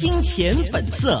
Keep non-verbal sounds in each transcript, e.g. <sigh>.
金錢本色。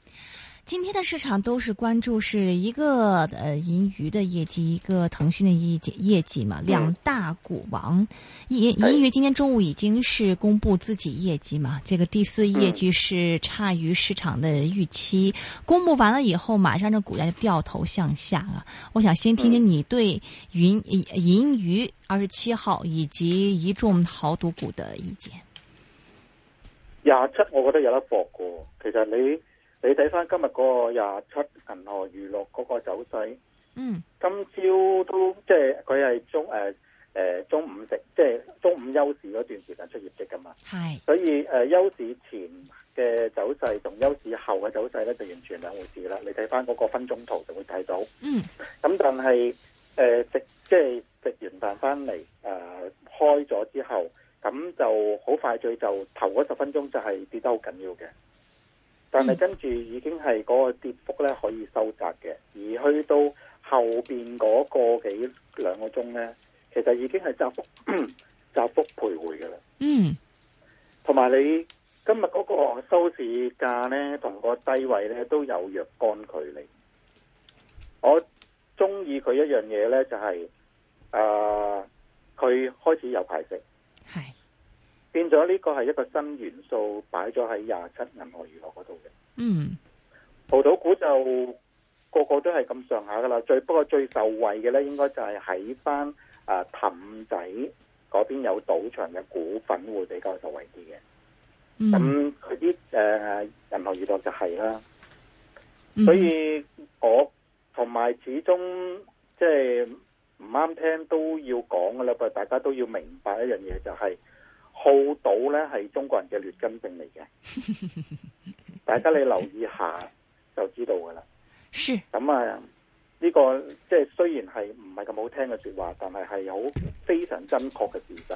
今天的市場都是關注是一個呃銀娛的業績，一個騰訊的業績業績嘛、嗯，兩大股王。銀銀娛今天中午已經是公布自己業績嘛，這個第四業績是差於市場的預期。嗯、公布完了以後，馬上這股價就掉頭向下了。我想先聽聽你對銀銀娛二十七號以及一眾豪賭股的意見。廿七，我覺得有得搏過。其實你。你睇翻今日嗰個廿七銀河娛樂嗰個走勢，嗯，今朝都即係佢係中誒誒、呃、中午食，即係中午休市嗰段時間出業績噶嘛，係，所以誒、呃、休市前嘅走勢同休市後嘅走勢咧就完全兩回事啦。你睇翻嗰個分鐘圖就會睇到，嗯，咁但係誒食即係食完飯翻嚟誒開咗之後，咁就好快最就頭嗰十分鐘就係跌得好緊要嘅。但係跟住已經係嗰個跌幅咧可以收窄嘅，而去到後邊嗰個，個幾兩個鐘咧，其實已經係窄幅窄幅徘徊嘅啦。嗯，同埋你今日嗰個收市價咧同個低位咧都有若干距離。我中意佢一樣嘢咧就係、是，誒、呃，佢開始有派息。係。變咗呢個係一個新元素，擺咗喺廿七銀河娛樂嗰度嘅。嗯，葡萄股就個個都係咁上下噶啦。最不過最受惠嘅咧，應該就係喺翻誒氹仔嗰邊有賭場嘅股份會比較受惠啲嘅。咁佢啲誒銀河娛樂就係啦。所以我同埋始終即係唔啱聽都要講噶啦，不過大家都要明白一樣嘢就係、是。好到咧，係中國人嘅劣根性嚟嘅，大家你留意下就知道噶啦。係。咁啊，呢個即係雖然係唔係咁好聽嘅說話，但係係有非常真確嘅事實。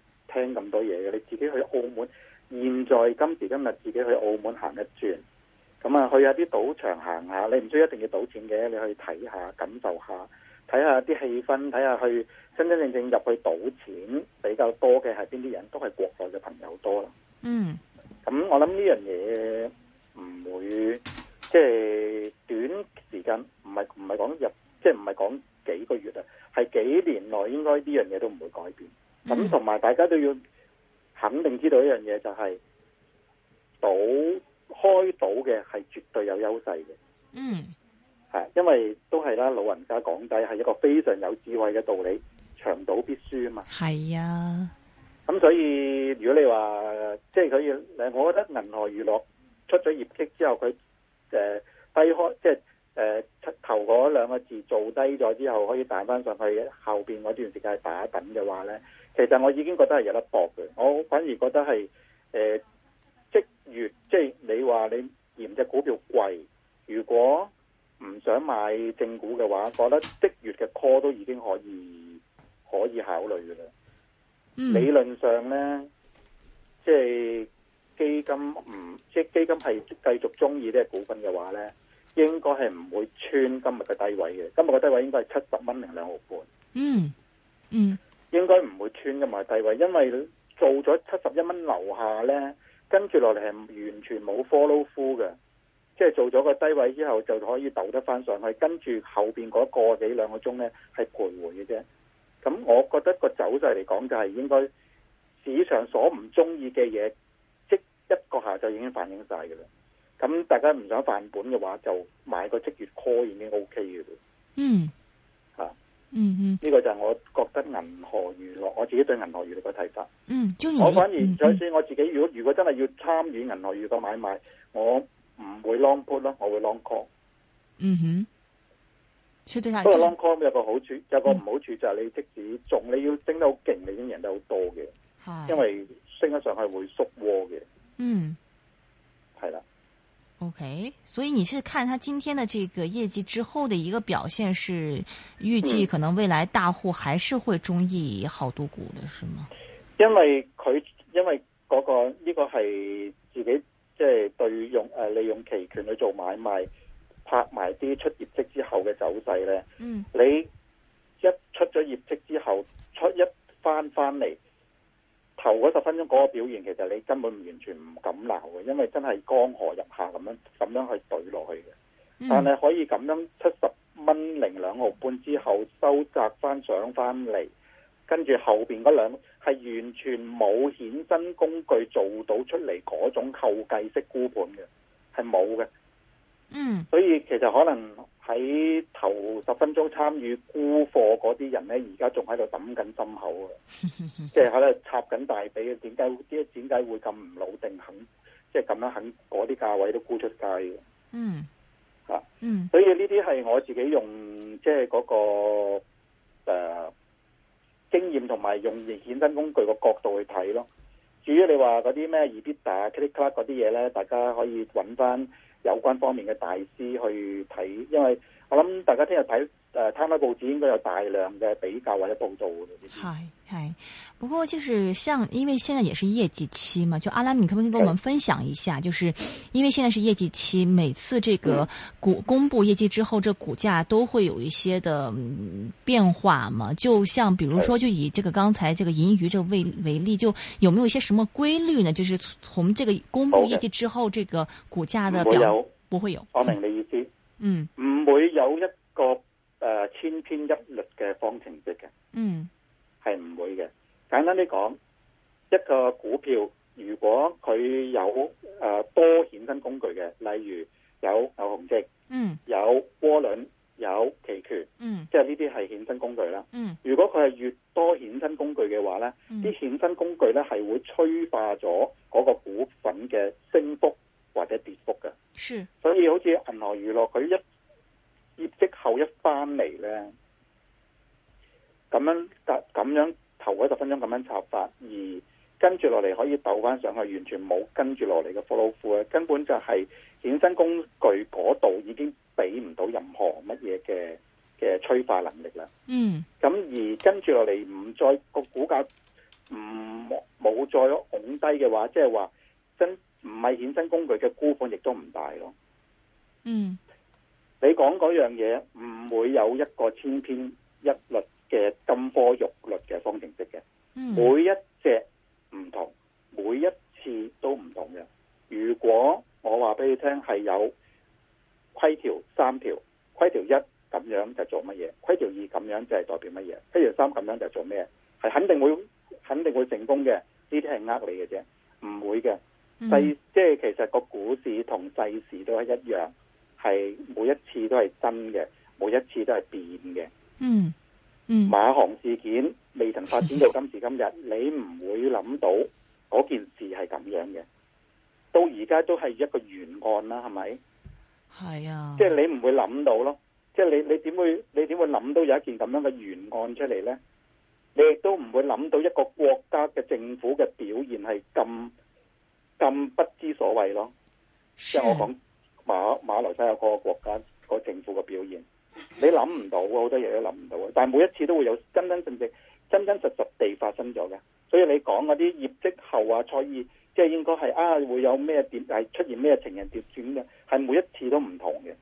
聽咁多嘢嘅，你自己去澳門，現在今時今日自己去澳門行一轉，咁啊去下啲賭場行下，你唔需要一定要賭錢嘅，你去睇下感受下，睇下啲氣氛，睇下去真真正正入去賭錢比較多嘅係邊啲人，都係國內嘅朋友多啦。嗯，咁、mm. 我諗呢樣嘢唔會即係、就是、短時間，唔係唔係講入，即係唔係講幾個月啊，係幾年內應該呢樣嘢都唔會改變。咁同埋大家都要肯定知道一樣嘢、就是，就係賭開賭嘅係絕對有優勢嘅。嗯，係因為都係啦，老人家講低係一個非常有智慧嘅道理，長賭必輸啊嘛。係啊，咁所以如果你話即係佢，誒、就是，我覺得銀河娛樂出咗業績之後，佢誒、呃、低開，即係誒頭嗰兩個字做低咗之後，可以彈翻上去後邊嗰段時間打躉嘅話咧。其實我已經覺得係有得搏嘅，我反而覺得係誒，即月即係你話你嫌隻股票貴，如果唔想買正股嘅話，覺得即月嘅 call 都已經可以可以考慮嘅啦。理論上呢，即係、mm. 基金唔即基金係繼續中意呢隻股份嘅話呢，應該係唔會穿今日嘅低位嘅。今日嘅低位應該係七十蚊零兩毫半。嗯嗯。應該唔會穿嘅埋低位，因為做咗七十一蚊樓下呢，跟住落嚟係完全冇 follow through 嘅，即係做咗個低位之後就可以竇得翻上去，跟住後邊嗰個，個幾兩個鐘咧係徘徊嘅啫。咁我覺得個走勢嚟講就係應該市場所唔中意嘅嘢，即一個下就已經反映晒嘅啦。咁大家唔想犯本嘅話，就買個即月 call 已經 OK 嘅啦。嗯。嗯嗯，呢、這個就係我覺得銀河娛樂，我自己對銀河娛樂嘅睇法。嗯，我反而就算、嗯、我自己如果如果真係要參與銀河娛樂買賣，我唔會 long put 咯，我會 long call。嗯哼，不過 long call 有個好處，有個唔好處就係你即使中，你要升得好勁，你已經贏得好多嘅。因為升得上去會縮窩嘅。嗯，係啦。O、okay, K，所以你是看，看他今天的這個業績之後的一個表現，是預計可能未來大戶還是會中意好多股的、嗯，是嗎？因為佢因為嗰個呢個係自己即係、就是、對用誒、呃、利用期權去做買賣，拍埋啲出業績之後嘅走勢咧。嗯，你一出咗業績之後，出一翻翻嚟。頭嗰十分鐘嗰個表現，其實你根本唔完全唔敢鬧嘅，因為真係江河日下咁樣咁樣去對落去嘅。但係可以咁樣七十蚊零兩毫半之後收窄翻上翻嚟，跟住後邊嗰兩係完全冇衍生工具做到出嚟嗰種扣計式沽盤嘅，係冇嘅。嗯，所以其實可能喺頭十分鐘參與沽貨嗰啲人咧，而家仲喺度抌緊心口啊，即係喺度插緊大髀啊，點解啲點解會咁唔老定肯，即係咁樣肯嗰啲價位都沽出街嘅。嗯，吓，嗯，所以呢啲係我自己用即係嗰個誒、呃、經驗同埋用現衍生工具嘅角度去睇咯。至於你話嗰啲咩 EBITDA 啊 K 里 club 嗰啲嘢咧，大家可以揾翻有關方面嘅大師去睇，因為我諗大家聽日睇。呃，攤開報紙應該有大量嘅比較或者報道係係，hi, hi. 不過就是像，因為現在也是業績期嘛，就阿拉敏可唔可以跟我們分享一下？是就是因為現在是業績期，每次這個股公布業績之後，這個，股價都會有一些的變化嘛。就像，比如說，就以這個剛才這個銀娛這個為為例，就有沒有一些什麼規律呢？就是從這個公布業績之後，這個股價的表不會有。會有，我明你意思，嗯，唔會有一個。偏一律嘅方程式嘅，嗯，係唔會嘅。簡單啲講，一個股票如果佢有誒、呃、多衍生工具嘅，例如有有牛熊證，嗯，有渦輪，有期權，嗯，即係呢啲係衍生工具啦。嗯，如果佢係越跟住落嚟可以抖翻上去，完全冇跟住落嚟嘅 follow 火 l 虎啊！根本就係衍生工具嗰度已經俾唔到任何乜嘢嘅嘅催化能力啦。嗯。咁而跟住落嚟唔再個股價唔冇再拱低嘅話，即係話真唔係衍生工具嘅沽款亦都唔大咯。嗯。你講嗰樣嘢唔會有一個千篇一律嘅金科玉律嘅方程式嘅，每一隻。唔同，每一次都唔同嘅。如果我話俾你聽，係有規條三條，規條一咁樣就做乜嘢，規條二咁樣就係代表乜嘢，規條三咁樣就是做咩，係肯定會肯定會成功嘅，呢啲係呃你嘅啫，唔會嘅。世、嗯、即係其實個股市同世事都係一樣，係每一次都係真嘅，每一次都係變嘅。嗯嗯，馬航事件。未曾發展到今時今日， <laughs> 你唔會諗到嗰件事係咁樣嘅。到而家都係一個原案啦，係咪？係啊。即係你唔會諗到咯，即係你你點會你點會諗到有一件咁樣嘅原案出嚟呢？你亦都唔會諗到一個國家嘅政府嘅表現係咁咁不知所謂咯。即係我講馬馬來西亞個國家個政府嘅表現，你諗唔到好多嘢都諗唔到啊！但係每一次都會有真真正正。真真實實地發生咗嘅，所以你講嗰啲業績後、就是、啊，蔡意即係應該係啊會有咩跌係出現咩情人逆轉嘅，係每一次都唔同嘅。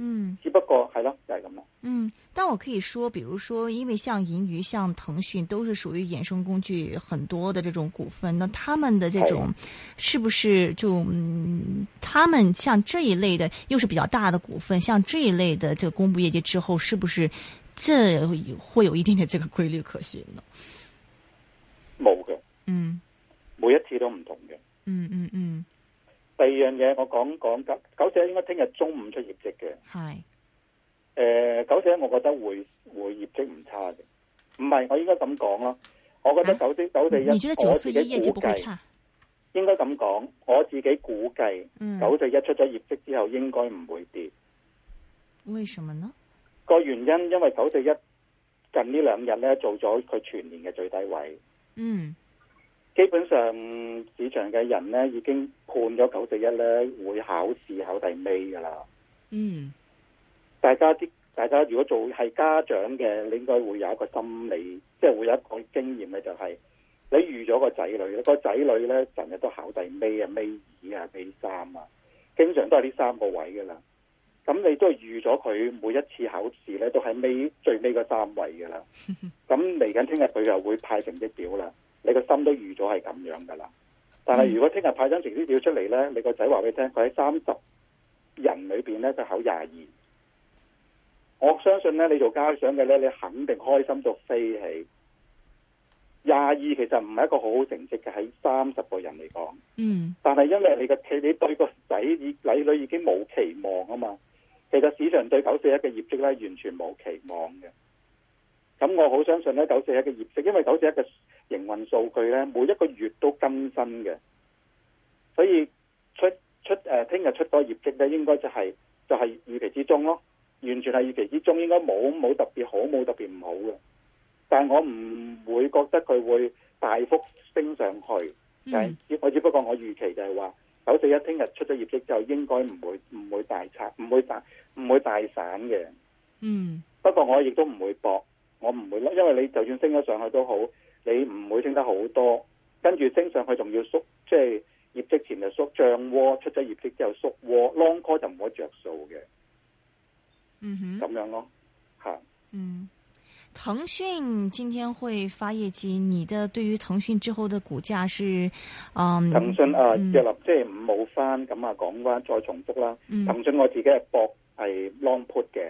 嗯，只不過係咯，就係咁咯。嗯，但我可以說，比如說，因為像銀娛、像騰訊都是屬於衍生工具很多的這種股份，那他們的這種是不是就，嗯，他們像這一類的又是比較大的股份，像這一類的，這公布業績之後，是不是？這會有一定嘅這個規律可循冇嘅？嗯，每一次都唔同嘅，嗯嗯嗯。第二樣嘢，我講講九四一應該聽日中午出業績嘅，係。誒、呃，九四一我覺得會會業績唔差嘅，唔係，我應該咁講咯。我覺得首先九四一，你覺得九四一業績不會差？應該咁講，我自己估計，九四一出咗業績之後應該唔會跌。嗯。為什麼呢？個原因，因為九四一近呢兩日咧做咗佢全年嘅最低位。嗯，基本上市場嘅人咧已經判咗九四一咧會考試考第尾噶啦。嗯，大家啲大家如果做係家長嘅，你應該會有一個心理，即係會有一個經驗嘅，就係你預咗個仔女，個仔女咧成日都考第尾啊、尾二啊、尾三啊，經常都係呢三個位噶啦。咁你都預咗佢每一次考試咧，都係尾最尾嘅三位噶啦。咁嚟緊聽日佢又會派成績表啦，你個心都預咗係咁樣噶啦。但係如果聽日派張成績表出嚟咧，你個仔話俾你聽，佢喺三十人裏邊咧，就考廿二。我相信咧，你做家長嘅咧，你肯定開心到飛起。廿二其實唔係一個好好成績嘅，喺三十個人嚟講，嗯。 <laughs> 但係因為你個你對個仔仔女已經冇期望啊嘛。其實市場對九四一嘅業績咧完全冇期望嘅，咁我好相信咧，九四一嘅業績，因為九四一嘅營運數據咧每一個月都更新嘅，所以出出誒聽日出個業績咧，應該就係、是、就係、是、預期之中咯，完全係預期之中，應該冇冇特別好，冇特別唔好嘅，但我唔會覺得佢會大幅升上去，係、嗯、我只不過我預期就係話。九四一聽日出咗業績之後應該唔會唔會大拆，唔會大唔會大散嘅。嗯，不過我亦都唔會博，我唔會咯，因為你就算升咗上去都好，你唔會升得好多，跟住升上去仲要縮，即係業績前就縮，漲窩出咗業績之後縮窩，long call 就唔會着數嘅。嗯哼，咁樣咯，吓。嗯。騰訊今天會發業績，你的對於騰訊之後的股價是，嗯，騰訊啊，約立即係五冇翻，咁啊講翻再重複啦，嗯。騰訊我自己係博係 long put 嘅，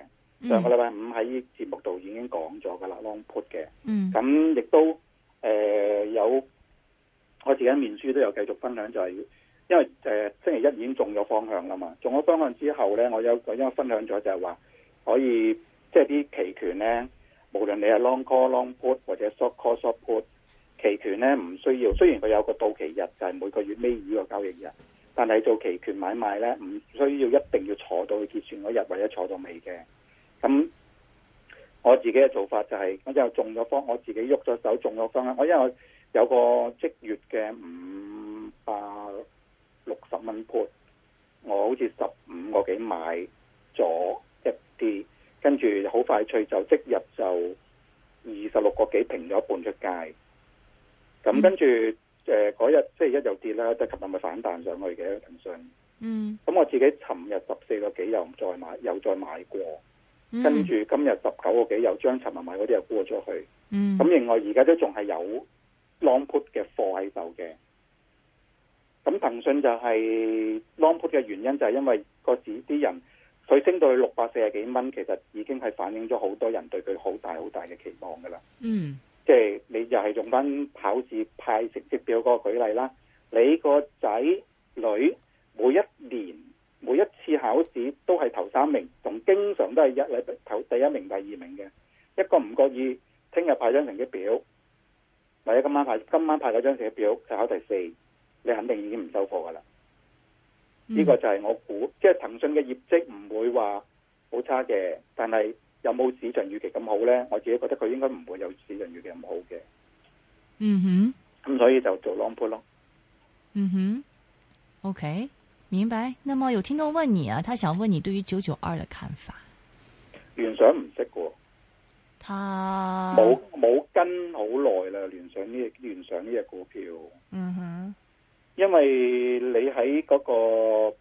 上、嗯、個禮拜五喺節目度已經講咗噶啦 long put 嘅，咁、嗯、亦都誒、呃、有我自己面書都有繼續分享，就係、是、因為誒、呃、星期一已經中咗方向啦嘛，中咗方向之後咧，我有我因為分享咗就係話可以即係啲期權咧。無論你係 long call long put 或者 short call short put，期權咧唔需要，雖然佢有個到期日就係、是、每個月尾二個交易日，但係做期權買賣咧唔需要一定要坐到去結算嗰日或者坐到尾嘅。咁我自己嘅做法就係、是，我就中咗方，我自己喐咗手中咗方，我因為我有個即月嘅五百六十蚊 put，我好似十五個幾買咗一啲。跟住好快脆就即日就二十六個幾平咗一半出街，咁、嗯、跟住誒嗰日星期一又跌啦，尋日咪反彈上去嘅騰訊。嗯，咁我自己尋日十四個幾又再買，又再買過，嗯、跟住今日十九個幾又將尋日買嗰啲又沽咗出去。咁、嗯、另外而家都仲係有 long put 嘅貨喺手嘅，咁騰訊就係 long put 嘅原因就係因為個指啲人。佢升到去六百四十幾蚊，其實已經係反映咗好多人對佢好大好大嘅期望噶啦。嗯、mm.，即係你就係用翻考試派成績表個舉例啦，你個仔女每一年每一次考試都係頭三名，仲經常都係一禮頭第一名、第二名嘅，一個唔覺意聽日派張成績表，或者今晚派今晚派嗰張成績表，就考第四，你肯定已經唔收貨噶啦。呢、嗯，這個就係我估，即係騰訊嘅業績唔會話好差嘅，但係有冇市場預期咁好咧？我自己覺得佢應該唔會有市場預期咁好嘅。嗯哼，咁、嗯、所以就做 long put 咯。嗯哼，OK，明白。那麼有聽眾問你啊，他想問你對於九九二嘅看法。聯想唔識嘅，他冇冇跟好耐啦。聯想呢隻聯想呢隻股票。嗯哼。因為你喺嗰個，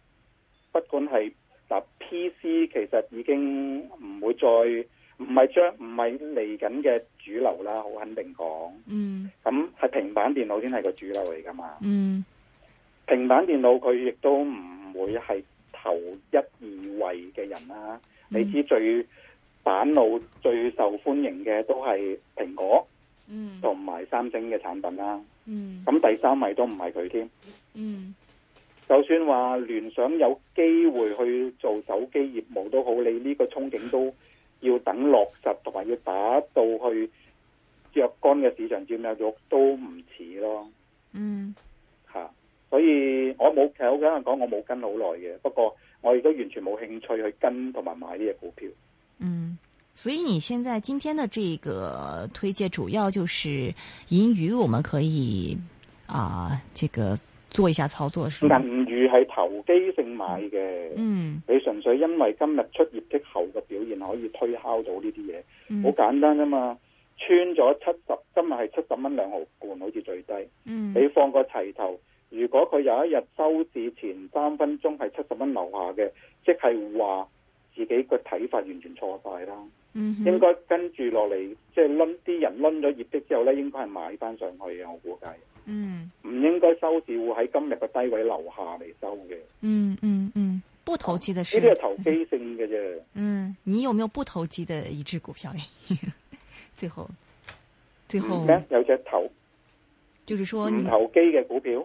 不管係嗱，P.C. 其實已經唔會再唔係將唔係嚟緊嘅主流啦，好肯定講。嗯。咁係平板電腦先係個主流嚟㗎嘛。嗯。平板電腦佢亦都唔會係頭一二位嘅人啦。你知最板腦最受歡迎嘅都係蘋果。嗯。同埋三星嘅產品啦。嗯，咁第三位都唔係佢添。嗯，就算話聯想有機會去做手機業務都好，你呢個憧憬都要等落實，同埋要打到去若干嘅市場佔有率都唔遲咯。嗯，吓，所以我冇其實好簡單講，我冇跟好耐嘅，不過我亦都完全冇興趣去跟同埋買呢隻股票。所以你現在今天的這個推介主要就是銀娛，我們可以啊，這個做一下操作是嗎？銀娛係投機性買嘅，嗯，你純粹因為今日出業績後嘅表現可以推敲到呢啲嘢，好、嗯、簡單啫嘛。穿咗七十，今日係七十蚊兩毫半，好似最低。嗯，你放個齊頭，如果佢有一日收市前三分鐘係七十蚊樓下嘅，即係話自己個睇法完全錯晒啦。Mm -hmm. 應該跟住落嚟，即係掄啲人掄咗業績之後咧，應該係買翻上去啊！我估計，唔、mm -hmm. 應該收市會喺今日嘅低位樓下嚟收嘅。嗯嗯嗯，不投機的。呢啲係投機性嘅啫。嗯、mm -hmm.，你有冇不投機的一支股票？ <laughs> 最後，最後咧、嗯、有隻頭就是說唔投機嘅股票。